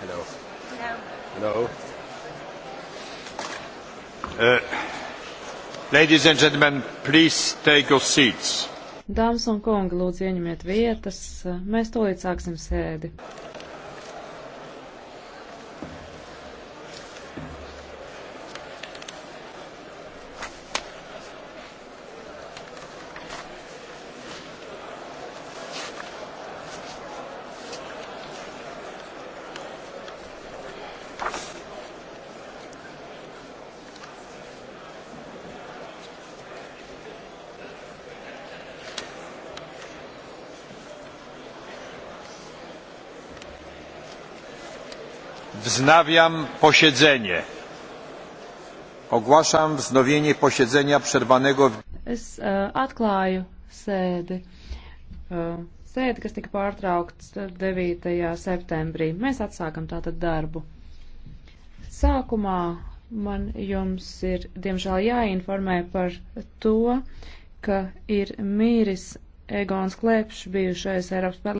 Hello. Hello. Hello. Hello. Uh, ladies and gentlemen, please take your seats. Dāmas un kungi, lūdzu ieņemiet vietas. Mēs tūlīt sāksim sēdi. Wznawiam posiedzenie. Ogłaszam wznowienie posiedzenia przerwanego w... Es uh, atklāju sēdi. Uh, sēdi, kas tika pārtraukts 9. septembrī. Mēs atsākam tātad darbu. Sākumā man jums ir, diemžēl, jāinformē par to, ka ir mīris Egons Klepš, bijušais Eiropas parlaments.